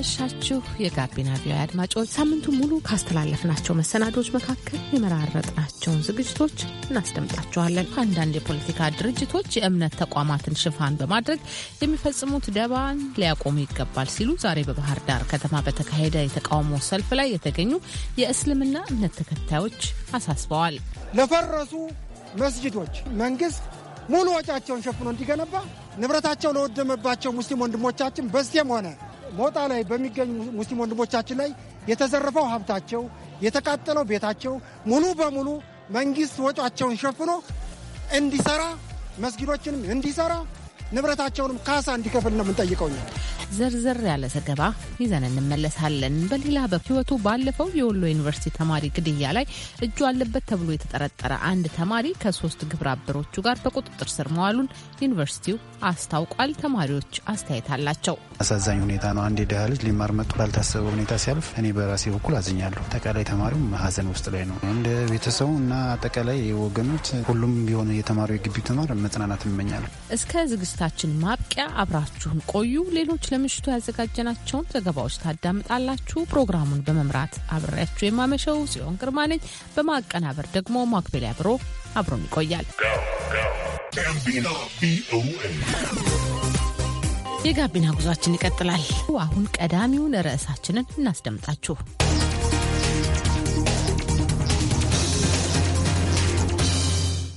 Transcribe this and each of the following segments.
አመሻችሁ የጋቢና ቪ አድማጮች። ሳምንቱ ሙሉ ካስተላለፍናቸው መሰናዶች መካከል የመራረጥናቸውን ዝግጅቶች እናስደምጣችኋለን። አንዳንድ የፖለቲካ ድርጅቶች የእምነት ተቋማትን ሽፋን በማድረግ የሚፈጽሙት ደባን ሊያቆሙ ይገባል ሲሉ ዛሬ በባህር ዳር ከተማ በተካሄደ የተቃውሞ ሰልፍ ላይ የተገኙ የእስልምና እምነት ተከታዮች አሳስበዋል። ለፈረሱ መስጅዶች መንግስት ሙሉ ወጪያቸውን ሸፍኖ እንዲገነባ ንብረታቸው ለወደመባቸው ሙስሊም ወንድሞቻችን በስቴም ሆነ ሞጣ ላይ በሚገኙ ሙስሊም ወንድሞቻችን ላይ የተዘረፈው ሀብታቸው፣ የተቃጠለው ቤታቸው ሙሉ በሙሉ መንግስት ወጫቸውን ሸፍኖ እንዲሰራ መስጊዶችንም እንዲሰራ ንብረታቸውንም ካሳ እንዲከፍል ነው የምንጠይቀው። ዘርዘር ያለ ዘገባ ይዘን እንመለሳለን። በሌላ በኩል ህይወቱ ባለፈው የወሎ ዩኒቨርሲቲ ተማሪ ግድያ ላይ እጁ አለበት ተብሎ የተጠረጠረ አንድ ተማሪ ከሶስት ግብረ አበሮቹ ጋር በቁጥጥር ስር መዋሉን ዩኒቨርሲቲው አስታውቋል። ተማሪዎች አስተያየት አላቸው። አሳዛኝ ሁኔታ ነው። አንድ ድሃ ልጅ ሊማር መጡ ባልታሰበ ሁኔታ ሲያልፍ እኔ በራሴ በኩል አዝኛለሁ። አጠቃላይ ተማሪው ሀዘን ውስጥ ላይ ነው። እንደ ቤተሰቡ እና አጠቃላይ ወገኖች ሁሉም ቢሆን የተማሪው የግቢ ተማር መጽናናት ይመኛሉ። እስከ ዝግጅታችን ማብቂያ አብራችሁን ቆዩ። ሌሎች ለምሽቱ ያዘጋጀናቸውን ዘገባዎች ታዳምጣላችሁ። ፕሮግራሙን በመምራት አብሬያችሁ የማመሸው ጽዮን ግርማ ነኝ። በማቀናበር ደግሞ ማክቤል ያብሮ አብሮን ይቆያል። የጋቢና ጉዟችን ይቀጥላል። አሁን ቀዳሚውን ርዕሳችንን እናስደምጣችሁ።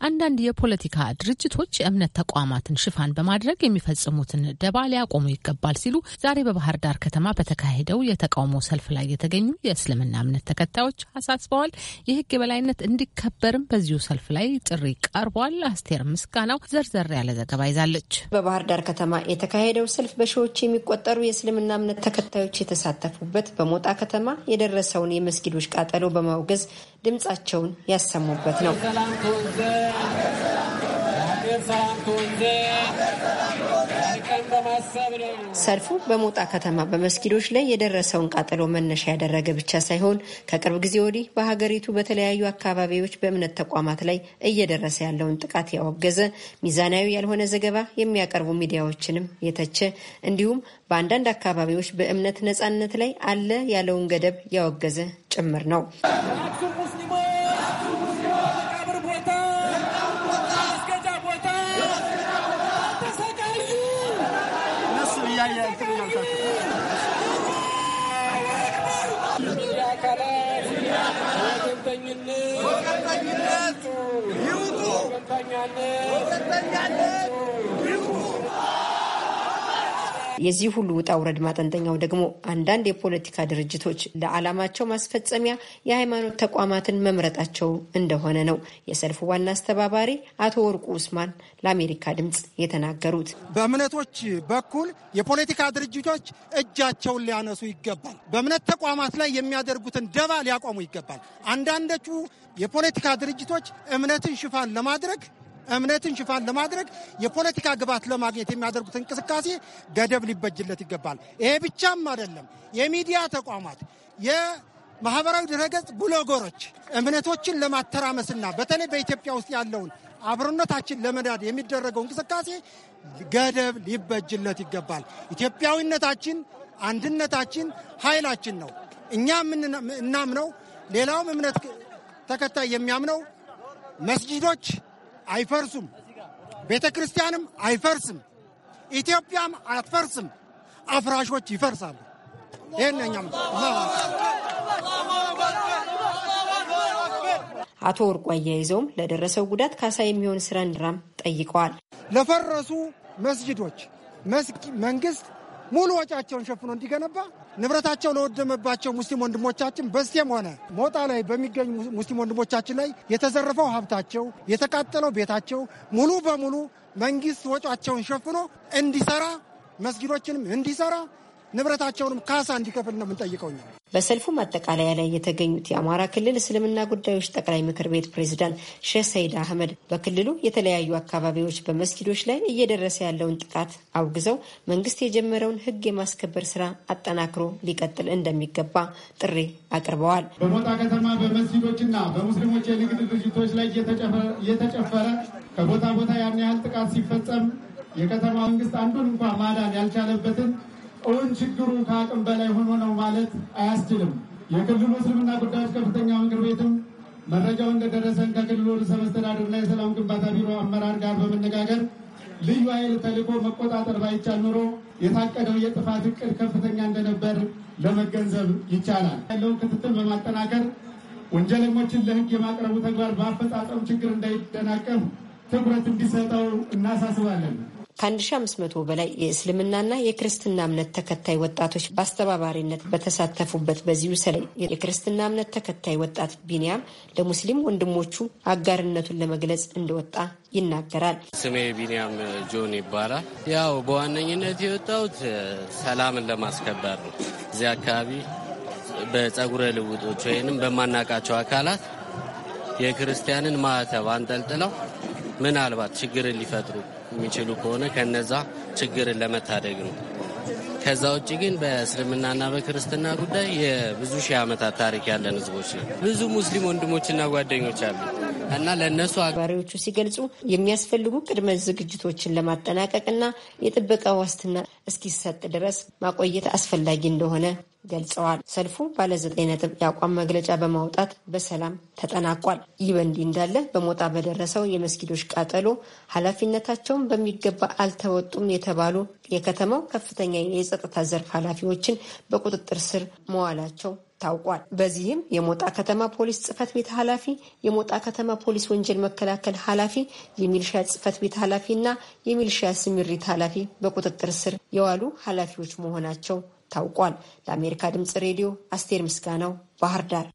አንዳንድ የፖለቲካ ድርጅቶች የእምነት ተቋማትን ሽፋን በማድረግ የሚፈጽሙትን ደባ ሊያቆሙ ይገባል ሲሉ ዛሬ በባህር ዳር ከተማ በተካሄደው የተቃውሞ ሰልፍ ላይ የተገኙ የእስልምና እምነት ተከታዮች አሳስበዋል። የህግ የበላይነት እንዲከበርም በዚሁ ሰልፍ ላይ ጥሪ ቀርቧል። አስቴር ምስጋናው ዘርዘር ያለ ዘገባ ይዛለች። በባህር ዳር ከተማ የተካሄደው ሰልፍ በሺዎች የሚቆጠሩ የእስልምና እምነት ተከታዮች የተሳተፉበት በሞጣ ከተማ የደረሰውን የመስጊዶች ቃጠሎ በማውገዝ ድምፃቸውን ያሰሙበት ነው። ሰልፉ በሞጣ ከተማ በመስጊዶች ላይ የደረሰውን ቃጠሎ መነሻ ያደረገ ብቻ ሳይሆን ከቅርብ ጊዜ ወዲህ በሀገሪቱ በተለያዩ አካባቢዎች በእምነት ተቋማት ላይ እየደረሰ ያለውን ጥቃት ያወገዘ፣ ሚዛናዊ ያልሆነ ዘገባ የሚያቀርቡ ሚዲያዎችንም የተቸ እንዲሁም በአንዳንድ አካባቢዎች በእምነት ነጻነት ላይ አለ ያለውን ገደብ ያወገዘ ጭምር ነው። የዚህ ሁሉ ውጣ ውረድ ማጠንጠኛው ደግሞ አንዳንድ የፖለቲካ ድርጅቶች ለዓላማቸው ማስፈጸሚያ የሃይማኖት ተቋማትን መምረጣቸው እንደሆነ ነው የሰልፉ ዋና አስተባባሪ አቶ ወርቁ ኡስማን ለአሜሪካ ድምፅ የተናገሩት። በእምነቶች በኩል የፖለቲካ ድርጅቶች እጃቸውን ሊያነሱ ይገባል። በእምነት ተቋማት ላይ የሚያደርጉትን ደባ ሊያቆሙ ይገባል። አንዳንዶቹ የፖለቲካ ድርጅቶች እምነትን ሽፋን ለማድረግ እምነትን ሽፋን ለማድረግ የፖለቲካ ግብዓት ለማግኘት የሚያደርጉት እንቅስቃሴ ገደብ ሊበጅለት ይገባል። ይሄ ብቻም አይደለም። የሚዲያ ተቋማት የማህበራዊ ድረገጽ ብሎገሮች እምነቶችን ለማተራመስና በተለይ በኢትዮጵያ ውስጥ ያለውን አብሮነታችን ለመዳድ የሚደረገው እንቅስቃሴ ገደብ ሊበጅለት ይገባል። ኢትዮጵያዊነታችን፣ አንድነታችን ኃይላችን ነው። እኛ እናምነው ሌላውም እምነት ተከታይ የሚያምነው መስጂዶች አይፈርሱም። ቤተ ክርስቲያንም አይፈርስም። ኢትዮጵያም አትፈርስም። አፍራሾች ይፈርሳሉ። ይህነኛም አቶ ወርቁ አያይዘውም ለደረሰው ጉዳት ካሳ የሚሆን ስራ እንዲራም ጠይቀዋል። ለፈረሱ መስጅዶች መንግስት ሙሉ ወጫቸውን ሸፍኖ እንዲገነባ ንብረታቸው ለወደመባቸው ሙስሊም ወንድሞቻችን በስቴም ሆነ ሞጣ ላይ በሚገኙ ሙስሊም ወንድሞቻችን ላይ የተዘረፈው ሀብታቸው፣ የተቃጠለው ቤታቸው ሙሉ በሙሉ መንግስት ወጫቸውን ሸፍኖ እንዲሰራ መስጊዶችንም እንዲሰራ ንብረታቸውንም ካሳ እንዲከፍል ነው የምንጠይቀው። በሰልፉ ማጠቃለያ ላይ የተገኙት የአማራ ክልል እስልምና ጉዳዮች ጠቅላይ ምክር ቤት ፕሬዚዳንት ሼህ ሰይድ አህመድ በክልሉ የተለያዩ አካባቢዎች በመስጊዶች ላይ እየደረሰ ያለውን ጥቃት አውግዘው መንግስት የጀመረውን ሕግ የማስከበር ስራ አጠናክሮ ሊቀጥል እንደሚገባ ጥሪ አቅርበዋል። በሞጣ ከተማ በመስጊዶችና በሙስሊሞች የንግድ ድርጅቶች ላይ እየተጨፈረ ከቦታ ቦታ ያን ያህል ጥቃት ሲፈጸም የከተማ መንግስት አንዱን እንኳ ማዳን ያልቻለበትን እውን ችግሩ ከአቅም በላይ ሆኖ ነው ማለት አያስችልም። የክልሉ እስልምና ጉዳዮች ከፍተኛ ምክር ቤትም መረጃው እንደደረሰን ከክልሉ ርዕሰ መስተዳድርና የሰላም ግንባታ ቢሮ አመራር ጋር በመነጋገር ልዩ ኃይል ተልዕኮ መቆጣጠር ባይቻል ኑሮ የታቀደው የጥፋት እቅድ ከፍተኛ እንደነበር ለመገንዘብ ይቻላል። ያለውን ክትትል በማጠናከር ወንጀለኞችን ለሕግ የማቅረቡ ተግባር በአፈጻጸም ችግር እንዳይደናቀፍ ትኩረት እንዲሰጠው እናሳስባለን። ከ1500 በላይ የእስልምናና የክርስትና እምነት ተከታይ ወጣቶች በአስተባባሪነት በተሳተፉበት በዚሁ ሰልፍ የክርስትና እምነት ተከታይ ወጣት ቢንያም ለሙስሊም ወንድሞቹ አጋርነቱን ለመግለጽ እንደወጣ ይናገራል። ስሜ ቢንያም ጆን ይባላል። ያው በዋነኝነት የወጣሁት ሰላምን ለማስከበር ነው። እዚህ አካባቢ በጸጉረ ልውጦች ወይንም በማናቃቸው አካላት የክርስቲያንን ማዕተብ አንጠልጥለው ምናልባት ችግርን ሊፈጥሩ የሚችሉ ከሆነ ከነዛ ችግርን ለመታደግ ነው። ከዛ ውጭ ግን በእስልምናና በክርስትና ጉዳይ የብዙ ሺህ ዓመታት ታሪክ ያለን ህዝቦች ነው። ብዙ ሙስሊም ወንድሞችና ጓደኞች አሉ። እና ለእነሱ አባሪዎቹ ሲገልጹ የሚያስፈልጉ ቅድመ ዝግጅቶችን ለማጠናቀቅና የጥበቃ ዋስትና እስኪሰጥ ድረስ ማቆየት አስፈላጊ እንደሆነ ገልጸዋል። ሰልፉ ባለ ዘጠኝ ነጥብ የአቋም መግለጫ በማውጣት በሰላም ተጠናቋል። ይህ በእንዲህ እንዳለ በሞጣ በደረሰው የመስጊዶች ቃጠሎ ኃላፊነታቸውን በሚገባ አልተወጡም የተባሉ የከተማው ከፍተኛ የጸጥታ ዘርፍ ኃላፊዎችን በቁጥጥር ስር መዋላቸው ታውቋል። በዚህም የሞጣ ከተማ ፖሊስ ጽፈት ቤት ኃላፊ፣ የሞጣ ከተማ ፖሊስ ወንጀል መከላከል ኃላፊ፣ የሚልሻ ጽህፈት ቤት ኃላፊ እና የሚልሻ ስምሪት ኃላፊ በቁጥጥር ስር የዋሉ ኃላፊዎች መሆናቸው ታውቋል። ለአሜሪካ ድምጽ ሬዲዮ አስቴር ምስጋናው ባህር ዳር።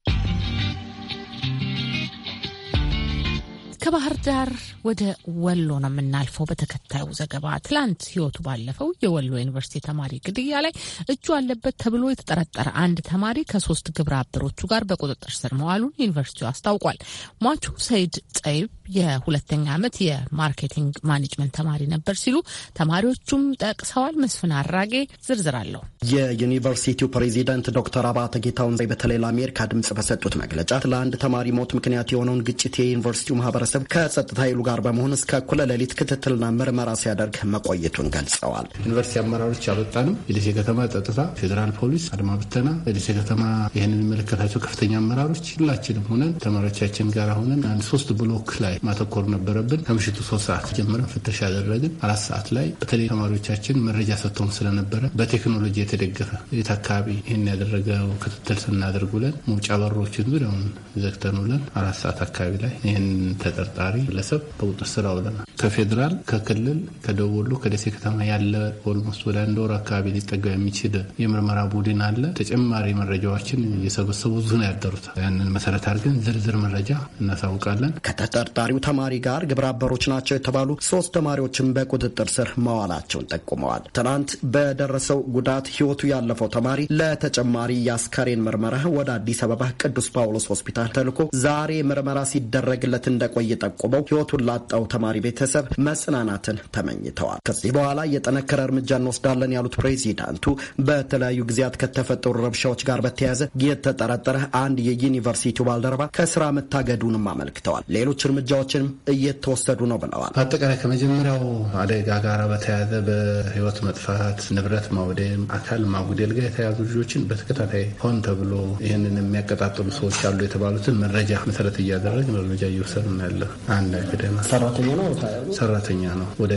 ከባህር ዳር ወደ ወሎ ነው የምናልፈው። በተከታዩ ዘገባ ትላንት ሕይወቱ ባለፈው የወሎ ዩኒቨርሲቲ ተማሪ ግድያ ላይ እጁ አለበት ተብሎ የተጠረጠረ አንድ ተማሪ ከሶስት ግብረ አበሮቹ ጋር በቁጥጥር ስር መዋሉን ዩኒቨርሲቲው አስታውቋል። ሟቹ ሰይድ ጠይብ የሁለተኛ ዓመት የማርኬቲንግ ማኔጅመንት ተማሪ ነበር ሲሉ ተማሪዎቹም ጠቅሰዋል። መስፍን አራጌ ዝርዝር አለው። የዩኒቨርሲቲው ፕሬዚዳንት ዶክተር አባተ ጌታሁን በተለይ ለአሜሪካ ድምጽ በሰጡት መግለጫ ለአንድ ተማሪ ሞት ምክንያት የሆነውን ግጭት የዩኒቨርሲቲው ማህበረሰብ ከጸጥታ ኃይሉ ጋር በመሆን እስከ እኩለ ሌሊት ክትትልና ምርመራ ሲያደርግ መቆየቱን ገልጸዋል። ዩኒቨርሲቲ አመራሮች አልወጣንም። የደሴ ከተማ ጸጥታ፣ ፌዴራል ፖሊስ፣ አድማ ብተና፣ የደሴ ከተማ ይህንን የሚመለከታቸው ከፍተኛ አመራሮች ሁላችንም ሆነን ተማሪዎቻችን ጋር ሆነን አንድ ሶስት ብሎክ ላይ ላይ ማተኮር ነበረብን። ከምሽቱ ሶስት ሰዓት ጀምረን ፍተሻ ያደረግን አራት ሰዓት ላይ በተለይ ተማሪዎቻችን መረጃ ሰጥተውን ስለነበረ በቴክኖሎጂ የተደገፈ የት አካባቢ ይህን ያደረገው ክትትል ስናደርግ ውለን መውጫ በሮችን ዙሪያውን ዘግተን ውለን አራት ሰዓት አካባቢ ላይ ይህን ተጠርጣሪ ግለሰብ በቁጥር ስራ አውለናል። ከፌዴራል ከክልል ከደቡብ ወሎ ከደሴ ከተማ ያለ ኦልሞስት ወደ አንድ ወር አካባቢ ሊጠጋ የሚችል የምርመራ ቡድን አለ። ተጨማሪ መረጃዎችን እየሰበሰቡ ዙን ያደሩት ያንን መሰረት አድርገን ዝርዝር መረጃ እናሳውቃለን። ከተጠርጣ ከቀሪው ተማሪ ጋር ግብረአበሮች ናቸው የተባሉ ሶስት ተማሪዎችን በቁጥጥር ስር መዋላቸውን ጠቁመዋል። ትናንት በደረሰው ጉዳት ህይወቱ ያለፈው ተማሪ ለተጨማሪ የአስከሬን ምርመራ ወደ አዲስ አበባ ቅዱስ ጳውሎስ ሆስፒታል ተልኮ ዛሬ ምርመራ ሲደረግለት እንደቆየ ጠቁመው ህይወቱን ላጣው ተማሪ ቤተሰብ መጽናናትን ተመኝተዋል። ከዚህ በኋላ የጠነከረ እርምጃ እንወስዳለን ያሉት ፕሬዚዳንቱ በተለያዩ ጊዜያት ከተፈጠሩ ረብሻዎች ጋር በተያያዘ የተጠረጠረ አንድ የዩኒቨርሲቲው ባልደረባ ከስራ መታገዱንም አመልክተዋል። ሌሎች እርምጃ እርምጃዎችም እየተወሰዱ ነው ብለዋል። በአጠቃላይ ከመጀመሪያው አደጋ ጋር በተያያዘ በህይወት መጥፋት፣ ንብረት ማውደም፣ አካል ማጉደል ጋር የተያዙ ልጆችን በተከታታይ ሆን ተብሎ ይህንን የሚያቀጣጥሉ ሰዎች አሉ የተባሉትን መረጃ መሰረት እያደረግ እርምጃ እየወሰድ ነው ያለ አንድ ገደማ ሰራተኛ ነው ሰራተኛ ነው ወደ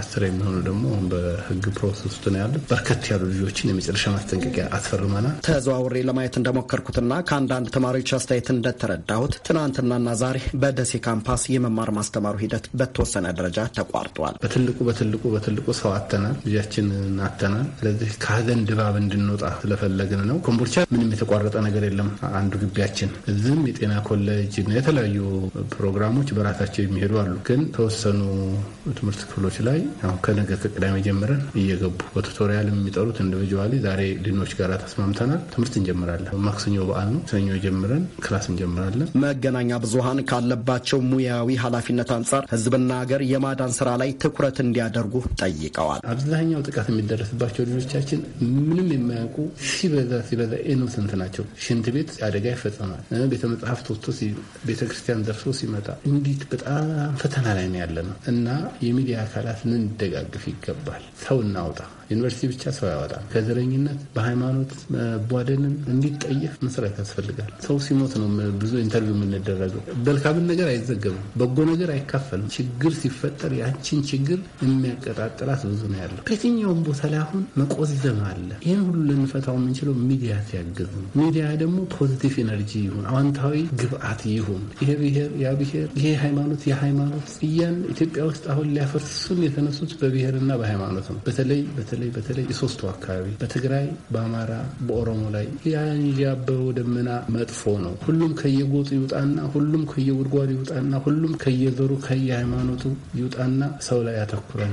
አስር የሚሆኑ ደግሞ በህግ ፕሮሰስ ውስጥ ነው ያለ። በርከት ያሉ ልጆችን የመጨረሻ ማስጠንቀቂያ አስፈርመናል። ተዘዋውሬ ለማየት እንደሞከርኩትና ከአንዳንድ ተማሪዎች አስተያየት እንደተረዳሁት ትናንትናና ዛሬ በደሴ ካምፕ ካምፓስ የመማር ማስተማሩ ሂደት በተወሰነ ደረጃ ተቋርጧል። በትልቁ በትልቁ በትልቁ ሰው አተናል፣ ልጃችን አተናል። ስለዚህ ከሀዘን ድባብ እንድንወጣ ስለፈለግን ነው። ኮምቦልቻ ምንም የተቋረጠ ነገር የለም። አንዱ ግቢያችን እዚህም የጤና ኮሌጅ እና የተለያዩ ፕሮግራሞች በራሳቸው የሚሄዱ አሉ። ግን ተወሰኑ ትምህርት ክፍሎች ላይ ከነገ ከቅዳሜ ጀምረን እየገቡ በቱቶሪያል የሚጠሩት ኢንዲቪጁዋሊ ዛሬ ድኖች ጋር ተስማምተናል። ትምህርት እንጀምራለን። ማክሰኞ በዓል ነው። ሰኞ ጀምረን ክላስ እንጀምራለን። መገናኛ ብዙሀን ካለባቸው ከሙያዊ ኃላፊነት አንጻር ህዝብና ሀገር የማዳን ስራ ላይ ትኩረት እንዲያደርጉ ጠይቀዋል። አብዛኛው ጥቃት የሚደረስባቸው ልጆቻችን ምንም የማያውቁ ሲበዛ ሲበዛ ኢኖሰንት ናቸው። ሽንት ቤት አደጋ ይፈጸማል። ቤተ መጽሐፍት ወጥቶ ቤተ ክርስቲያን ደርሶ ሲመጣ እንዲት በጣም ፈተና ላይ ነው ያለ ነው እና የሚዲያ አካላት ልንደጋግፍ ይገባል። ሰው እናውጣ። ዩኒቨርሲቲ ብቻ ሰው ያወጣ ከዘረኝነት በሃይማኖት መቧደንን እንዲጠየፍ መስራት ያስፈልጋል። ሰው ሲሞት ነው ብዙ ኢንተርቪው የምንደረገው። በልካምን ነገር አይዘ አይመሰገምም። በጎ ነገር አይካፈልም። ችግር ሲፈጠር ያችን ችግር የሚያቀጣጥላት ብዙ ነው ያለው። ከየትኛውም ቦታ ላይ አሁን መቆዘም አለ። ይህን ሁሉ ልንፈታው የምንችለው ሚዲያ ሲያግዝ ነው። ሚዲያ ደግሞ ፖዚቲቭ ኤነርጂ ይሁን፣ አዋንታዊ ግብአት ይሁን። ይሄ ብሔር ያ ብሔር፣ ይሄ ሃይማኖት ያ ሃይማኖት እያን ኢትዮጵያ ውስጥ አሁን ሊያፈርሱን የተነሱት በብሔርና በሃይማኖት ነው። በተለይ በተለይ በተለይ የሶስቱ አካባቢ በትግራይ በአማራ በኦሮሞ ላይ ያን ደመና መጥፎ ነው። ሁሉም ከየጎጡ ይውጣና ሁሉም ከየጉድጓዱ ይውጣ ይውጣና ሁሉም ከየዘሩ ከየሃይማኖቱ ይውጣና ሰው ላይ ያተኩረን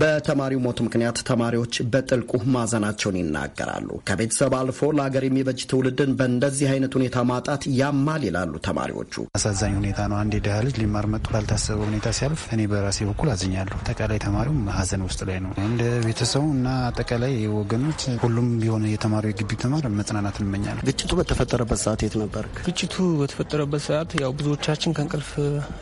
በተማሪው ሞት ምክንያት ተማሪዎች በጥልቁ ማዘናቸውን ይናገራሉ። ከቤተሰብ አልፎ ለሀገር የሚበጅ ትውልድን በእንደዚህ አይነት ሁኔታ ማጣት ያማል ይላሉ ተማሪዎቹ። አሳዛኝ ሁኔታ ነው። አንድ የድሃ ልጅ ሊማር መጡ ባልታሰበ ሁኔታ ሲያልፍ እኔ በራሴ በኩል አዝኛለሁ። አጠቃላይ ተማሪውም ሀዘን ውስጥ ላይ ነው። እንደ ቤተሰቡ እና አጠቃላይ ወገኖች ሁሉም ቢሆን የተማሪው የግቢ ተማር መጽናናት እንመኛለን። ግጭቱ በተፈጠረበት ሰዓት የት ነበር? ግጭቱ በተፈጠረበት ሰዓት ያው ብዙዎቻችን ከእንቅልፍ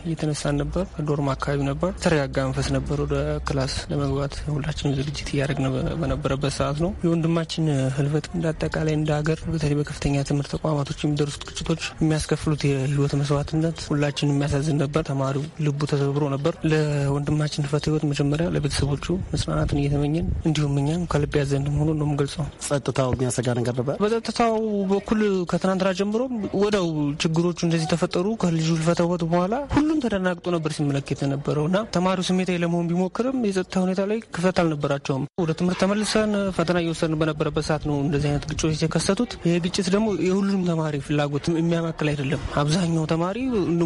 እየተነሳን ነበር። ዶርም አካባቢ ነበር። የተረጋጋ መንፈስ ነበር። ወደ ክላስ ለመግባት ሁላችንም ዝግጅት እያደረግን በነበረበት ሰዓት ነው የወንድማችን ህልፈት። እንደ አጠቃላይ እንደ ሀገር በተለይ በከፍተኛ ትምህርት ተቋማቶች የሚደርሱት ግጭቶች የሚያስከፍሉት የህይወት መስዋዕትነት ሁላችን የሚያሳዝን ነበር። ተማሪው ልቡ ተሰብሮ ነበር። ለወንድማችን ህልፈት ህይወት መጀመሪያ ለቤተሰቦቹ መጽናናትን እየተመኘን እንዲሁም እኛም ከልብ ያዘን መሆኑ ነው የምገልጸው። ጸጥታው የሚያሰጋ ነገር ነበር። በጸጥታው በኩል ከትናንትና ጀምሮ ወደው ችግሮቹ እንደዚህ ተፈጠሩ ከልጁ ህልፈት በኋላ በኋላ ሁሉም ተደናግጦ ነበር ሲመለከት የነበረው እና ተማሪው ስሜታዊ ለመሆን ቢሞክርም የጸጥታ ሁኔታ ላይ ክፍተት አልነበራቸውም። ወደ ትምህርት ተመልሰን ፈተና እየወሰድን በነበረበት ሰዓት ነው እንደዚህ አይነት ግጭቶች የከሰቱት። ይህ ግጭት ደግሞ የሁሉንም ተማሪ ፍላጎት የሚያማክል አይደለም። አብዛኛው ተማሪ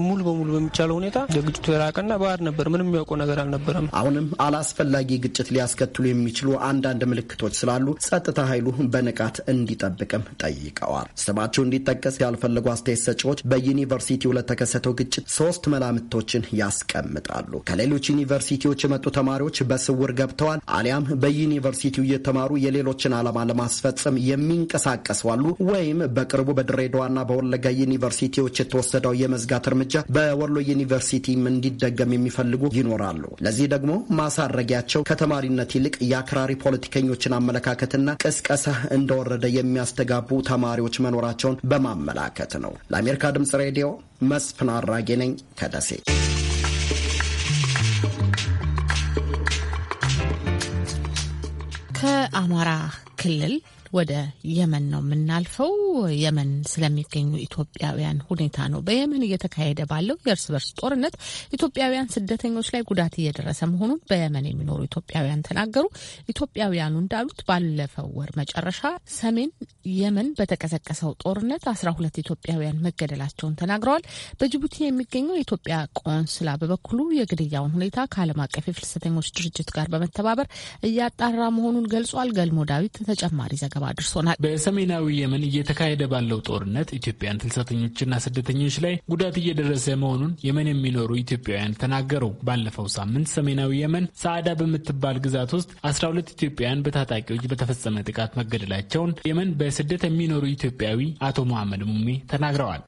ሙሉ በሙሉ በሚቻለው ሁኔታ የግጭቱ የራቀና ባህር ነበር። ምንም የሚያውቀው ነገር አልነበረም። አሁንም አላስፈላጊ ግጭት ሊያስከትሉ የሚችሉ አንዳንድ ምልክቶች ስላሉ ጸጥታ ኃይሉ በንቃት እንዲጠብቅም ጠይቀዋል። ስማቸው እንዲጠቀስ ያልፈለጉ አስተያየት ሰጪዎች በዩኒቨርሲቲው ለተከሰተው ግጭት ሶስት መላምቶችን ያስቀምጣሉ። ከሌሎች ዩኒቨርሲቲዎች የመጡ ተማሪዎች በስውር ገብተዋል አሊያም በዩኒቨርሲቲው እየተማሩ የሌሎችን ዓላማ ለማስፈጸም የሚንቀሳቀሱ አሉ ወይም በቅርቡ በድሬዳዋና በወለጋ ዩኒቨርሲቲዎች የተወሰደው የመዝጋት እርምጃ በወሎ ዩኒቨርሲቲም እንዲደገም የሚፈልጉ ይኖራሉ። ለዚህ ደግሞ ማሳረጊያቸው ከተማሪነት ይልቅ የአክራሪ ፖለቲከኞችን አመለካከትና ቅስቀሳ እንደወረደ የሚያስተጋቡ ተማሪዎች መኖራቸውን በማመላከት ነው። ለአሜሪካ ድምጽ ሬዲዮ መስፍን አራጌ ነኝ ከደሴ። ከአማራ ክልል ወደ የመን ነው የምናልፈው። የመን ስለሚገኙ ኢትዮጵያውያን ሁኔታ ነው። በየመን እየተካሄደ ባለው የእርስ በርስ ጦርነት ኢትዮጵያውያን ስደተኞች ላይ ጉዳት እየደረሰ መሆኑን በየመን የሚኖሩ ኢትዮጵያውያን ተናገሩ። ኢትዮጵያውያኑ እንዳሉት ባለፈው ወር መጨረሻ ሰሜን የመን በተቀሰቀሰው ጦርነት አስራ ሁለት ኢትዮጵያውያን መገደላቸውን ተናግረዋል። በጅቡቲ የሚገኘው የኢትዮጵያ ቆንስላ በበኩሉ የግድያውን ሁኔታ ከዓለም አቀፍ የፍልሰተኞች ድርጅት ጋር በመተባበር እያጣራ መሆኑን ገልጿል። ገልሞ ዳዊት ተጨማሪ ዘገ ዘገባ አድርሶናል። በሰሜናዊ የመን እየተካሄደ ባለው ጦርነት ኢትዮጵያን ፍልሰተኞችና ስደተኞች ላይ ጉዳት እየደረሰ መሆኑን የመን የሚኖሩ ኢትዮጵያውያን ተናገሩ። ባለፈው ሳምንት ሰሜናዊ የመን ሰዓዳ በምትባል ግዛት ውስጥ 12 ኢትዮጵያውያን በታጣቂዎች በተፈጸመ ጥቃት መገደላቸውን የመን በስደት የሚኖሩ ኢትዮጵያዊ አቶ መሐመድ ሙሜ ተናግረዋል።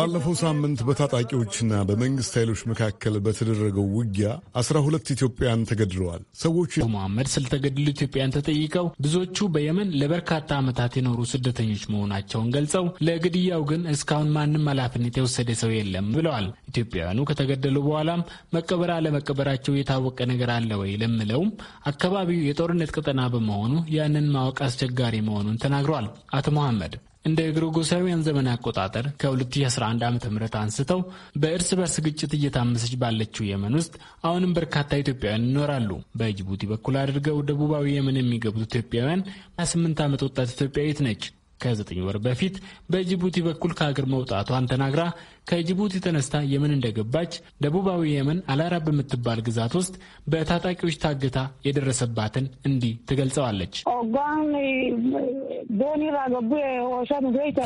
ባለፈው ሳምንት በታጣቂዎችና በመንግስት ኃይሎች መካከል በተደረገው ውጊያ 12 ኢትዮጵያውያን ተገድለዋል። ሰዎች መሐመድ ስለተገደሉ ኢትዮጵያውያን ተጠይቀው ብዙዎቹ በየመን ለበርካታ ዓመታት የኖሩ ስደተኞች መሆናቸውን ገልጸው ለግድያው ግን እስካሁን ማንም ኃላፊነት የወሰደ ሰው የለም ብለዋል። ኢትዮጵያውያኑ ከተገደሉ በኋላም መቀበር አለመቀበራቸው የታወቀ ነገር አለ ወይ ለምለውም አካባቢው የጦርነት ቀጠና በመሆኑ ያንን ማወቅ አስቸጋሪ መሆኑን ተናግረዋል። አቶ መሐመድ እንደ ግሮጎሳውያን ዘመን አቆጣጠር ከ2011 ዓ ም አንስተው በእርስ በርስ ግጭት እየታመሰች ባለችው የመን ውስጥ አሁንም በርካታ ኢትዮጵያውያን ይኖራሉ። በጅቡቲ በኩል አድርገው ደቡባዊ የመን የሚገቡት ኢትዮጵያውያን 28 ዓመት ወጣት ኢትዮጵያዊት ነች። ከዘጠኝ ወር በፊት በጅቡቲ በኩል ከሀገር መውጣቷን ተናግራ ከጅቡቲ ተነስታ የመን እንደገባች ደቡባዊ የመን አላራ በምትባል ግዛት ውስጥ በታጣቂዎች ታግታ የደረሰባትን እንዲህ ትገልጸዋለች።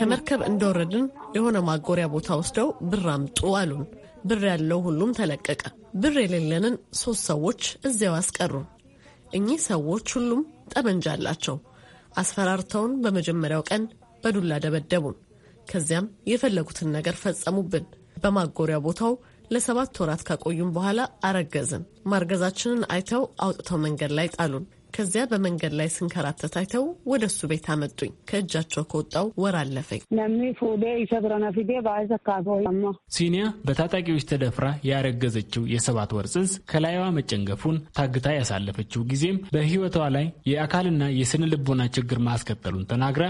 ከመርከብ እንደወረድን የሆነ ማጎሪያ ቦታ ወስደው ብር አምጡ አሉን። ብር ያለው ሁሉም ተለቀቀ። ብር የሌለንን ሶስት ሰዎች እዚያው አስቀሩን። እኚህ ሰዎች ሁሉም ጠመንጃ አላቸው። አስፈራርተውን በመጀመሪያው ቀን በዱላ ደበደቡን። ከዚያም የፈለጉትን ነገር ፈጸሙብን። በማጎሪያ ቦታው ለሰባት ወራት ካቆዩም በኋላ አረገዝን። ማርገዛችንን አይተው አውጥተው መንገድ ላይ ጣሉን። ከዚያ በመንገድ ላይ ስንከራተት አይተው ወደ እሱ ቤት አመጡኝ። ከእጃቸው ከወጣው ወር አለፈኝ። ሲኒያ በታጣቂዎች ተደፍራ ያረገዘችው የሰባት ወር ጽንስ ከላይዋ መጨንገፉን ታግታ ያሳለፈችው ጊዜም በሕይወቷ ላይ የአካልና የስነ ልቦና ችግር ማስከተሉን ተናግራ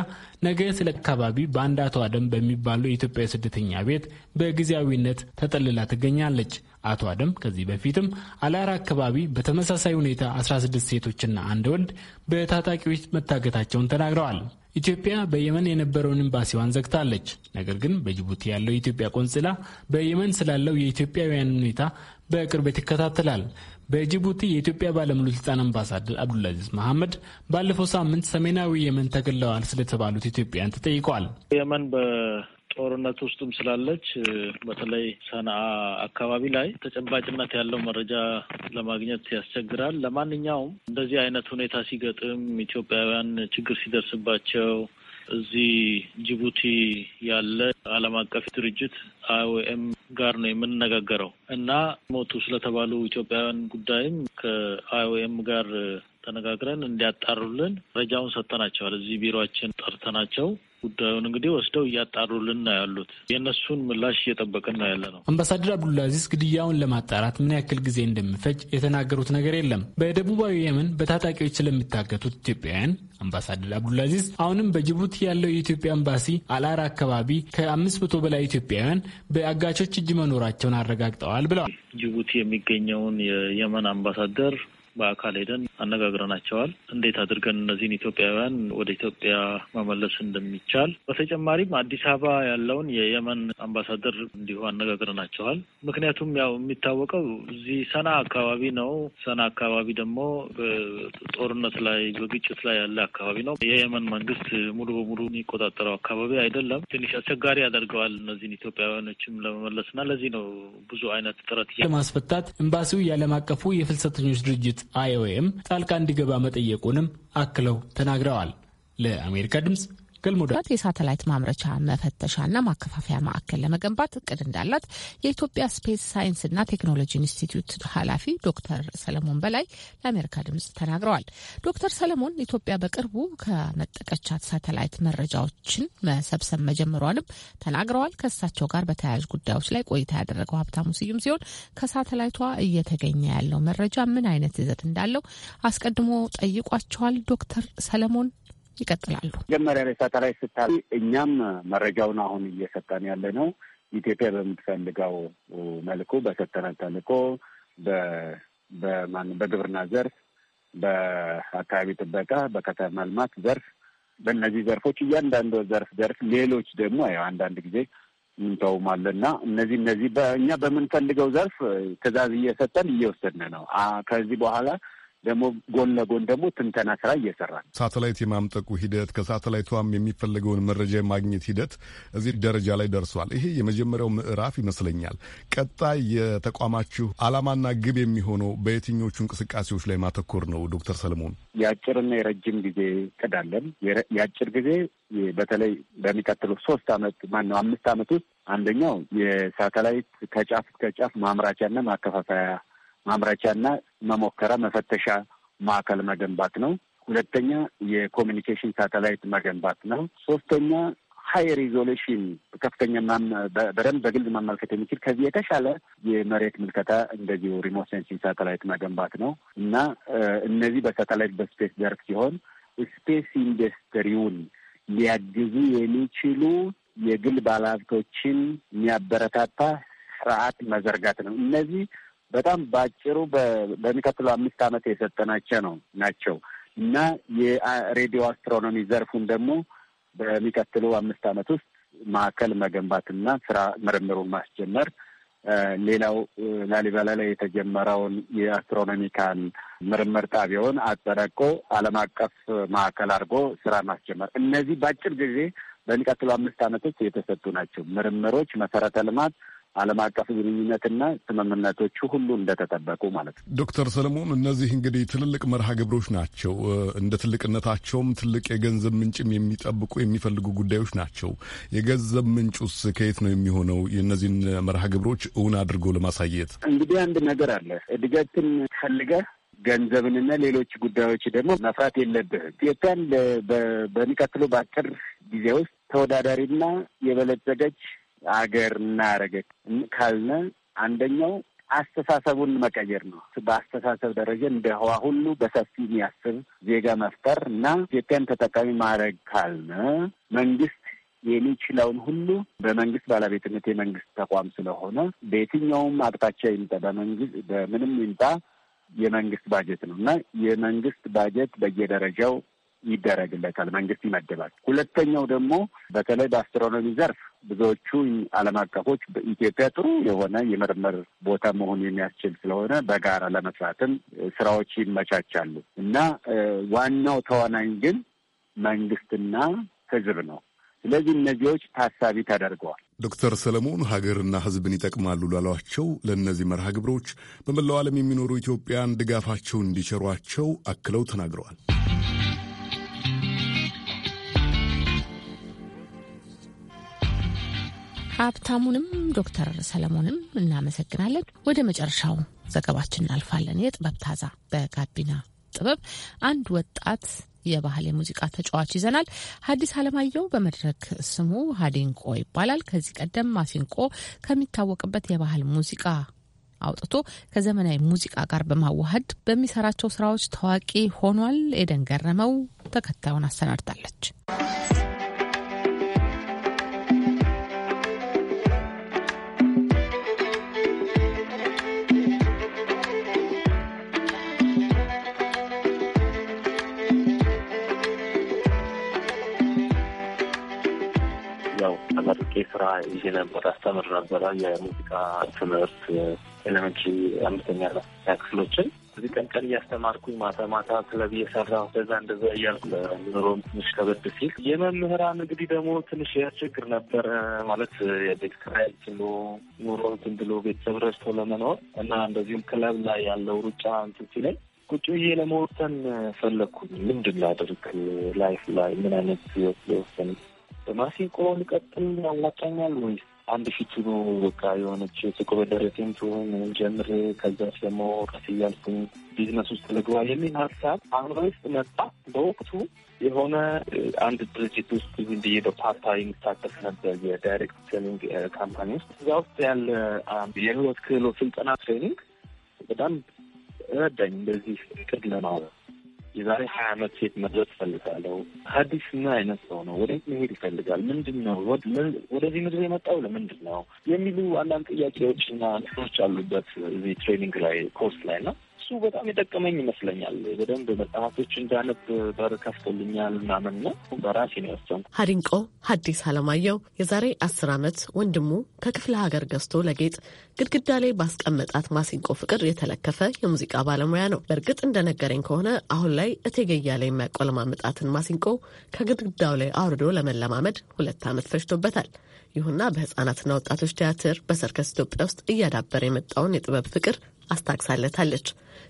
ነገ ስለ አካባቢ በአንድ አቶ አደም በሚባለው የኢትዮጵያ ስደተኛ ቤት በጊዜያዊነት ተጠልላ ትገኛለች። አቶ አደም ከዚህ በፊትም አላራ አካባቢ በተመሳሳይ ሁኔታ 16 ሴቶችና አንድ ወንድ በታጣቂዎች መታገታቸውን ተናግረዋል። ኢትዮጵያ በየመን የነበረውን ኤምባሲዋን ዘግታለች። ነገር ግን በጅቡቲ ያለው የኢትዮጵያ ቆንጽላ በየመን ስላለው የኢትዮጵያውያን ሁኔታ በቅርበት ይከታተላል። በጅቡቲ የኢትዮጵያ ባለሙሉ ስልጣን አምባሳደር አብዱልአዚዝ መሐመድ ባለፈው ሳምንት ሰሜናዊ የመን ተገለዋል ስለተባሉት ኢትዮጵያውያን ተጠይቀዋል። የመን ጦርነት ውስጥም ስላለች በተለይ ሰንአ አካባቢ ላይ ተጨባጭነት ያለው መረጃ ለማግኘት ያስቸግራል። ለማንኛውም እንደዚህ አይነት ሁኔታ ሲገጥም ኢትዮጵያውያን ችግር ሲደርስባቸው እዚህ ጅቡቲ ያለ ዓለም አቀፍ ድርጅት አይኦኤም ጋር ነው የምንነጋገረው እና ሞቱ ስለተባሉ ኢትዮጵያውያን ጉዳይም ከአይኦኤም ጋር ተነጋግረን እንዲያጣሩልን መረጃውን ሰጥተናቸዋል። እዚህ ቢሮችን ጠርተናቸው ጉዳዩን እንግዲህ ወስደው እያጣሩልን ነው ያሉት። የእነሱን ምላሽ እየጠበቅን ነው ያለ ነው። አምባሳደር አብዱላዚዝ ግድያውን ለማጣራት ምን ያክል ጊዜ እንደሚፈጅ የተናገሩት ነገር የለም። በደቡባዊ የመን በታጣቂዎች ስለሚታገቱት ኢትዮጵያውያን አምባሳደር አብዱላዚዝ አሁንም በጅቡቲ ያለው የኢትዮጵያ ኤምባሲ አላር አካባቢ ከአምስት መቶ በላይ ኢትዮጵያውያን በአጋቾች እጅ መኖራቸውን አረጋግጠዋል ብለዋል። ጅቡቲ የሚገኘውን የየመን አምባሳደር በአካል ሄደን አነጋግረናቸዋል። እንዴት አድርገን እነዚህን ኢትዮጵያውያን ወደ ኢትዮጵያ መመለስ እንደሚቻል፣ በተጨማሪም አዲስ አበባ ያለውን የየመን አምባሳደር እንዲሁ አነጋግረናቸዋል። ምክንያቱም ያው የሚታወቀው እዚህ ሰና አካባቢ ነው። ሰና አካባቢ ደግሞ በጦርነት ላይ በግጭት ላይ ያለ አካባቢ ነው። የየመን መንግስት ሙሉ በሙሉ የሚቆጣጠረው አካባቢ አይደለም። ትንሽ አስቸጋሪ ያደርገዋል እነዚህን ኢትዮጵያውያኖችም ለመመለስና ለዚህ ነው ብዙ አይነት ጥረት ለማስፈታት ኤምባሲው የዓለም አቀፉ የፍልሰተኞች ድርጅት አይኦኤም ጣልቃ እንዲገባ መጠየቁንም አክለው ተናግረዋል። ለአሜሪካ ድምፅ ገልሞ ዳዊት የሳተላይት ማምረቻ መፈተሻና ማከፋፈያ ማዕከል ለመገንባት እቅድ እንዳላት የኢትዮጵያ ስፔስ ሳይንስና ቴክኖሎጂ ኢንስቲትዩት ኃላፊ ዶክተር ሰለሞን በላይ ለአሜሪካ ድምጽ ተናግረዋል። ዶክተር ሰለሞን ኢትዮጵያ በቅርቡ ከመጠቀቻት ሳተላይት መረጃዎችን መሰብሰብ መጀመሯንም ተናግረዋል። ከእሳቸው ጋር በተያያዥ ጉዳዮች ላይ ቆይታ ያደረገው ሀብታሙ ስዩም ሲሆን ከሳተላይቷ እየተገኘ ያለው መረጃ ምን አይነት ይዘት እንዳለው አስቀድሞ ጠይቋቸዋል። ዶክተር ሰለሞን ይቀጥላሉ። መጀመሪያ ላይ ሳተላይት ስታ እኛም መረጃውን አሁን እየሰጠን ያለ ነው። ኢትዮጵያ በምትፈልገው መልኩ በሰጠናት ተልእኮ በግብርና ዘርፍ፣ በአካባቢ ጥበቃ፣ በከተማ ልማት ዘርፍ በእነዚህ ዘርፎች እያንዳንዱ ዘርፍ ዘርፍ ሌሎች ደግሞ አንዳንድ ጊዜ እንተውማለና እነዚህ እነዚህ በእኛ በምንፈልገው ዘርፍ ትዕዛዝ እየሰጠን እየወሰድን ነው። ከዚህ በኋላ ደግሞ ጎን ለጎን ደግሞ ትንተና ስራ እየሰራ ነው። ሳተላይት የማምጠቁ ሂደት ከሳተላይቷም የሚፈለገውን መረጃ የማግኘት ሂደት እዚህ ደረጃ ላይ ደርሷል። ይሄ የመጀመሪያው ምዕራፍ ይመስለኛል። ቀጣይ የተቋማችሁ አላማና ግብ የሚሆነው በየትኞቹ እንቅስቃሴዎች ላይ ማተኮር ነው? ዶክተር ሰለሞን የአጭርና የረጅም ጊዜ እቅድ አለን። የአጭር ጊዜ በተለይ በሚቀጥሉት ሶስት አመት ማነው አምስት አመት ውስጥ አንደኛው የሳተላይት ከጫፍ እስከ ጫፍ ማምራቻና ማከፋፈያ ማምረቻና መሞከራ መፈተሻ ማዕከል መገንባት ነው። ሁለተኛ የኮሚኒኬሽን ሳተላይት መገንባት ነው። ሶስተኛ ሀይ ሪዞሉሽን ከፍተኛ በደንብ በግልጽ ማመልከት የሚችል ከዚህ የተሻለ የመሬት ምልከታ እንደዚሁ ሪሞት ሴንሲንግ ሳተላይት መገንባት ነው እና እነዚህ በሳተላይት በስፔስ ዘርፍ ሲሆን ስፔስ ኢንዱስትሪውን ሊያግዙ የሚችሉ የግል ባለሀብቶችን የሚያበረታታ ስርዓት መዘርጋት ነው። እነዚህ በጣም በአጭሩ በሚቀጥለው አምስት ዓመት የሰጠናቸው ነው ናቸው እና የሬዲዮ አስትሮኖሚ ዘርፉን ደግሞ በሚቀጥሉ አምስት ዓመት ውስጥ ማዕከል መገንባትና ስራ ምርምሩን ማስጀመር ሌላው ላሊበላ ላይ የተጀመረውን የአስትሮኖሚካል ምርምር ጣቢያውን አጠናቆ ዓለም አቀፍ ማዕከል አድርጎ ስራ ማስጀመር። እነዚህ በአጭር ጊዜ በሚቀጥሉ አምስት ዓመቶች የተሰጡ ናቸው። ምርምሮች፣ መሰረተ ልማት ዓለም አቀፍ ግንኙነትና ስምምነቶቹ ሁሉ እንደተጠበቁ ማለት ነው። ዶክተር ሰለሞን እነዚህ እንግዲህ ትልልቅ መርሃ ግብሮች ናቸው። እንደ ትልቅነታቸውም ትልቅ የገንዘብ ምንጭም የሚጠብቁ የሚፈልጉ ጉዳዮች ናቸው። የገንዘብ ምንጩስ ከየት ነው የሚሆነው? የእነዚህን መርሃ ግብሮች እውን አድርጎ ለማሳየት እንግዲህ አንድ ነገር አለ። እድገትን ፈልገህ ገንዘብንና ሌሎች ጉዳዮች ደግሞ መፍራት የለብህም። ኢትዮጵያን በሚቀጥለው በአጭር ጊዜ ውስጥ ተወዳዳሪና የበለጸገች አገር እናረገ ካልነ አንደኛው አስተሳሰቡን መቀየር ነው። በአስተሳሰብ ደረጃ እንደ ህዋ ሁሉ በሰፊ የሚያስብ ዜጋ መፍጠር እና ኢትዮጵያን ተጠቃሚ ማድረግ ካልነ መንግስት የሚችለውን ሁሉ በመንግስት ባለቤትነት የመንግስት ተቋም ስለሆነ በየትኛውም አቅጣጫ ይምጣ፣ በመንግስት በምንም ይምጣ የመንግስት ባጀት ነው እና የመንግስት ባጀት በየደረጃው ይደረግለታል፣ መንግስት ይመደባል። ሁለተኛው ደግሞ በተለይ በአስትሮኖሚ ዘርፍ ብዙዎቹ ዓለም አቀፎች በኢትዮጵያ ጥሩ የሆነ የምርምር ቦታ መሆን የሚያስችል ስለሆነ በጋራ ለመስራትም ስራዎች ይመቻቻሉ እና ዋናው ተዋናኝ ግን መንግስትና ህዝብ ነው። ስለዚህ እነዚዎች ታሳቢ ተደርገዋል። ዶክተር ሰለሞን ሀገርና ህዝብን ይጠቅማሉ ላሏቸው ለእነዚህ መርሃ ግብሮች በመላው ዓለም የሚኖሩ ኢትዮጵያን ድጋፋቸው እንዲቸሯቸው አክለው ተናግረዋል። ሀብታሙንም ዶክተር ሰለሞንም እናመሰግናለን። ወደ መጨረሻው ዘገባችን እናልፋለን። የጥበብ ታዛ በጋቢና ጥበብ አንድ ወጣት የባህል የሙዚቃ ተጫዋች ይዘናል። ሀዲስ አለማየሁ በመድረክ ስሙ ሀዲንቆ ይባላል። ከዚህ ቀደም ማሲንቆ ከሚታወቅበት የባህል ሙዚቃ አውጥቶ ከዘመናዊ ሙዚቃ ጋር በማዋሀድ በሚሰራቸው ስራዎች ታዋቂ ሆኗል። ኤደን ገረመው ተከታዩን አሰናድታለች። ጥያቄ ስራ ይዤ ነበር፣ አስተምር ነበረ የሙዚቃ ትምህርት ኤሌመንትሪ አምስተኛ ክፍሎችን እዚህ ቀን ቀን እያስተማርኩኝ ማታ ማታ ክለብ እየሰራ ከዛ እንደዛ እያልኩ ኑሮም ትንሽ ከበድ ሲል የመምህራን እንግዲህ ደግሞ ትንሽ ያስቸግር ነበር ማለት የቤት ኪራይ ችሎ ኑሮ እንትን ብሎ ቤተሰብ ረስቶ ለመኖር እና እንደዚሁም ክለብ ላይ ያለው ሩጫ እንትን ሲለኝ ቁጭ ብዬ ለመወሰን ፈለግኩኝ። ምንድን ላድርግ ላይፍ ላይ ምን አይነት ህይወት ለወሰን በማሲንቆ ልቀጥል ያዋጣኛል ወይ? አንድ ፊት ኪሎ በቃ የሆነች ተቆበደረ ቴንቶን ጀምር ከዛች ደግሞ ቀስ እያልኩኝ ቢዝነስ ውስጥ ልግባ የሚል ሀሳብ አእምሮ ውስጥ መጣ። በወቅቱ የሆነ አንድ ድርጅት ውስጥ ዝም ብዬ በፓርታ የሚሳተፍ ነበር፣ የዳይሬክት ሴሊንግ ካምፓኒ ውስጥ። እዛ ውስጥ ያለ የህይወት ክህሎ ስልጠና ትሬኒንግ በጣም ረዳኝ እንደዚህ ቅድ ለማውራት የዛሬ ሀያ ዓመት ሴት መድረስ እፈልጋለሁ። ሀዲስና አይነት ሰው ነው። ወዴት መሄድ ይፈልጋል? ምንድን ነው ወደዚህ ምድር የመጣው ለምንድን ነው የሚሉ አንዳንድ ጥያቄዎች ጥያቄዎችና እንትኖች አሉበት እዚህ ትሬኒንግ ላይ ኮርስ ላይ ነው እሱ በጣም የጠቀመኝ ይመስለኛል። በደንብ መጽሐፎች እንዳነብ በር ከፍቶልኛል ምናምን ነው። በራሴ ነው ያሰንኩ። ሀዲንቆ ሀዲስ አለማየሁ የዛሬ አስር ዓመት ወንድሙ ከክፍለ ሀገር ገዝቶ ለጌጥ ግድግዳ ላይ ባስቀመጣት ማሲንቆ ፍቅር የተለከፈ የሙዚቃ ባለሙያ ነው። በእርግጥ እንደነገረኝ ከሆነ አሁን ላይ እቴጌያ ላይ የሚያቆለማምጣትን ማሲንቆ ከግድግዳው ላይ አውርዶ ለመለማመድ ሁለት ዓመት ፈጅቶበታል። ይሁና በህጻናትና ወጣቶች ቲያትር በሰርከስ ኢትዮጵያ ውስጥ እያዳበረ የመጣውን የጥበብ ፍቅር አስታግሳለታለች።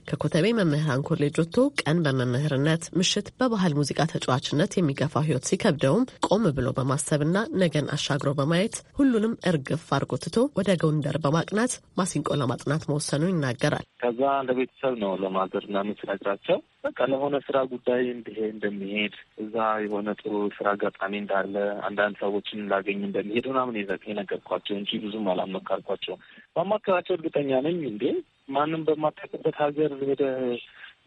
ከኮተቤ መምህራን ኮሌጅ ወጥቶ ቀን በመምህርነት ምሽት በባህል ሙዚቃ ተጫዋችነት የሚገፋው ህይወት ሲከብደውም ቆም ብሎ በማሰብና ነገን አሻግሮ በማየት ሁሉንም እርግፍ አርጎ ትቶ ወደ ጎንደር በማቅናት ማሲንቆ ለማጥናት መወሰኑ ይናገራል። ከዛ ለቤተሰብ ነው ለማዘርና ምስራጫቸው በቃ ለሆነ ስራ ጉዳይ እንዲሄ እንደሚሄድ እዛ የሆነ ጥሩ ስራ አጋጣሚ እንዳለ አንዳንድ ሰዎችን ላገኝ እንደሚሄድ ምናምን የነገርኳቸው እንጂ ብዙም አላመካርኳቸውም። በማከራቸው እርግጠኛ ነኝ እንዴ ማንም በማታውቅበት ሀገር ሄደ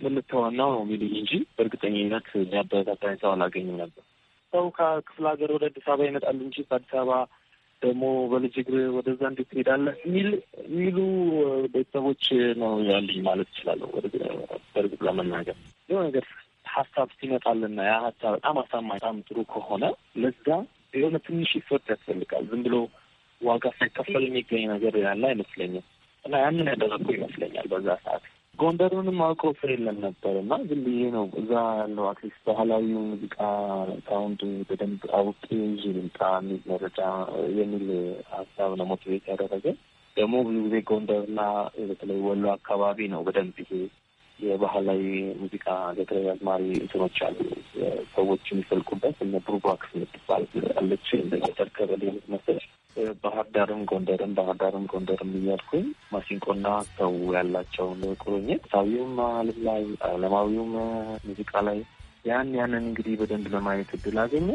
የምንተዋናው ነው የሚሉኝ እንጂ በእርግጠኝነት የሚያበረታታኝ ሰው አላገኝም ነበር። ሰው ከክፍለ ሀገር ወደ አዲስ አበባ ይመጣል እንጂ ከአዲስ አበባ ደግሞ በልጅ እግር ወደዛ እንዴት ትሄዳለህ የሚል የሚሉ ቤተሰቦች ነው ያለኝ ማለት እችላለሁ። በእርግጥ ለመናገር የሆነ ነገር ሀሳብ ሲመጣልና ያ ሀሳብ በጣም አሳማኝ በጣም ጥሩ ከሆነ ለዛ የሆነ ትንሽ ይፈርት ያስፈልጋል። ዝም ብሎ ዋጋ ሳይከፈል የሚገኝ ነገር ያለ አይመስለኝም እና ያንን ያደረግኩ ይመስለኛል በዛ ሰዓት ጎንደሩንም አውቀው ፍሬ የለም ነበር እና ግን ብዬ ነው እዛ ያለው አትሊስት ባህላዊ ሙዚቃ ሳውንድ በደንብ አውቄ ይዤ ልምጣ የሚል መረጃ የሚል ሀሳብ ነው ሞቲቬት ያደረገ። ደግሞ ብዙ ጊዜ ጎንደርና በተለይ ወሎ አካባቢ ነው በደንብ ይሄ የባህላዊ ሙዚቃ በተለይ አዝማሪ እንትኖች አሉ ሰዎች የሚፈልቁበት እነ ብሩባክስ የምትባል አለች እንደ ገጠር ቀበሌ የምትመስል ባህር ዳርም ጎንደርም ባህር ዳርም ጎንደርም እያልኩኝ ማሲንቆና ሰው ያላቸውን ቁርኝት ሳቢውም ዓለም ላይ ዓለማዊውም ሙዚቃ ላይ ያን ያንን እንግዲህ በደንብ ለማየት እድል አገኘ።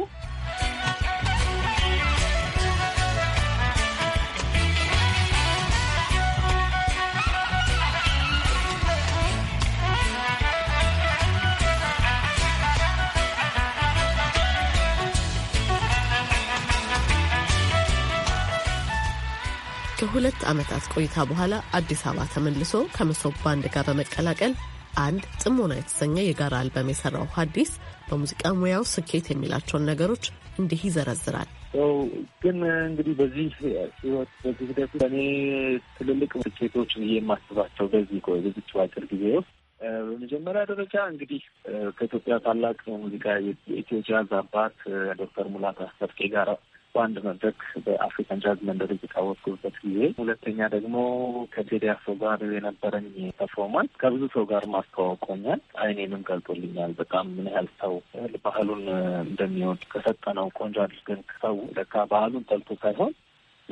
ከሁለት ዓመታት ቆይታ በኋላ አዲስ አበባ ተመልሶ ከመሶብ ባንድ ጋር በመቀላቀል አንድ ጥሞና የተሰኘ የጋራ አልበም የሰራው ሀዲስ በሙዚቃ ሙያው ስኬት የሚላቸውን ነገሮች እንዲህ ይዘረዝራል። ግን እንግዲህ በዚህ ህይወት በዚህ ሂደት እኔ ትልልቅ ስኬቶች ብዬ የማስባቸው በዚህ ቆይ በዚች አጭር ጊዜ ውስጥ በመጀመሪያ ደረጃ እንግዲህ ከኢትዮጵያ ታላቅ ሙዚቃ የኢትዮ ጃዝ አባት ዶክተር ሙላት አስታጥቄ ጋር በአንድ መድረክ በአፍሪካን ጃዝ መንደር የተጫወትኩበት ጊዜ፣ ሁለተኛ ደግሞ ከቴዲ አፍሮ ጋር የነበረኝ ፐርፎርማንስ ከብዙ ሰው ጋር ማስተዋወቆኛል። አይኔንም ገልጦልኛል። በጣም ምን ያህል ሰው ባህሉን እንደሚወድ ከሰጠነው ቆንጆ አድርገን ሰው ለካ ባህሉን ጠልቶ ሳይሆን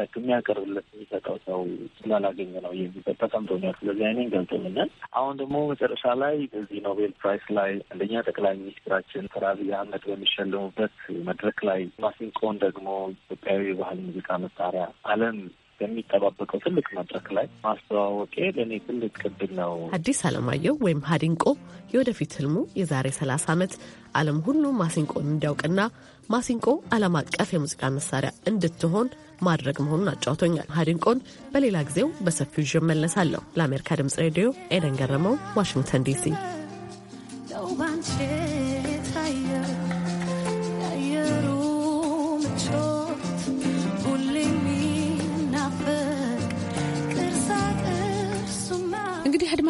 ላይክ የሚያቀርብለት የሚሰጠው ሰው ስላላገኘ ነው የሚበት ተቀምጦኛል። ስለዚህ አይኔን ገልጦልኛል። አሁን ደግሞ መጨረሻ ላይ በዚህ ኖቤል ፕራይስ ላይ አንደኛ ጠቅላይ ሚኒስትራችን ስራ አህመድ በሚሸለሙበት መድረክ ላይ ማሲንቆን ደግሞ ኢትዮጵያዊ የባህል ሙዚቃ መሳሪያ ዓለም በሚጠባበቀው ትልቅ መድረክ ላይ ማስተዋወቄ ለእኔ ትልቅ ቅድል ነው። አዲስ አለማየሁ ወይም ሀዲንቆ የወደፊት ህልሙ የዛሬ 30 ዓመት ዓለም ሁሉ ማሲንቆን እንዲያውቅና ማሲንቆ ዓለም አቀፍ የሙዚቃ መሳሪያ እንድትሆን ማድረግ መሆኑን አጫውቶኛል። ሀዲንቆን በሌላ ጊዜው በሰፊው ይዤ እመለሳለሁ። ለአሜሪካ ድምፅ ሬዲዮ ኤደን ገረመው፣ ዋሽንግተን ዲሲ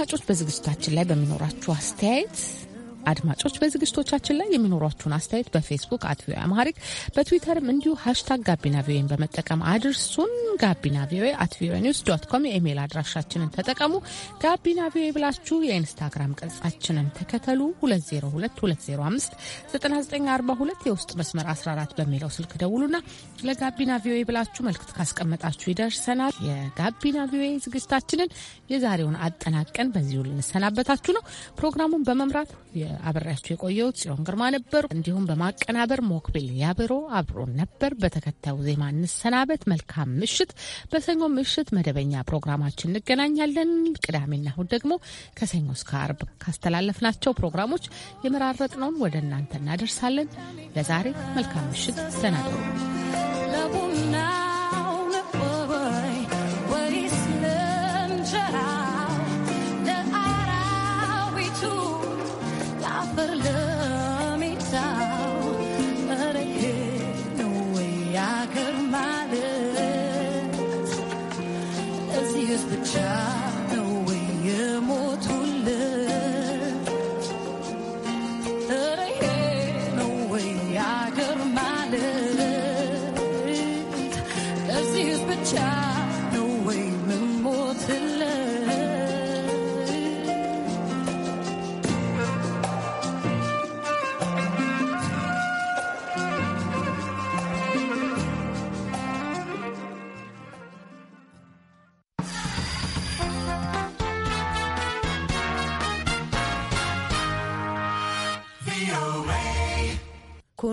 አድማጮች በዝግጅታችን ላይ በሚኖራችሁ አስተያየት አድማጮች በዝግጅቶቻችን ላይ የሚኖሯችሁን አስተያየት በፌስቡክ አት ቪኦኤ አማሪክ በትዊተርም እንዲሁ ሀሽታግ ጋቢና ቪኦኤን በመጠቀም አድርሱን። ጋቢና ቪኦኤ አት ቪኦኤ ኒውስ ዶት ኮም የኢሜይል አድራሻችንን ተጠቀሙ። ጋቢና ቪኦኤ ብላችሁ የኢንስታግራም ቅርጻችንን ተከተሉ። 2022059942 የውስጥ መስመር 14 በሚለው ስልክ ደውሉና ለጋቢና ቪኦኤ ብላችሁ መልክት ካስቀመጣችሁ ይደርሰናል። የጋቢና ቪኦኤ ዝግጅታችንን የዛሬውን አጠናቀን በዚሁ ልንሰናበታችሁ ነው። ፕሮግራሙን በመምራት አብሬያችሁ የቆየው ጽዮን ግርማ ነበር። እንዲሁም በማቀናበር ሞክቢል ያብሮ አብሮን ነበር። በተከታዩ ዜማ እንሰናበት። መልካም ምሽት። በሰኞ ምሽት መደበኛ ፕሮግራማችን እንገናኛለን። ቅዳሜና እሁድ ደግሞ ከሰኞ እስከ አርብ ካስተላለፍናቸው ፕሮግራሞች የመራረጥነውን ወደ እናንተ እናደርሳለን። ለዛሬ መልካም ምሽት፣ ተናገሩ እደሩ።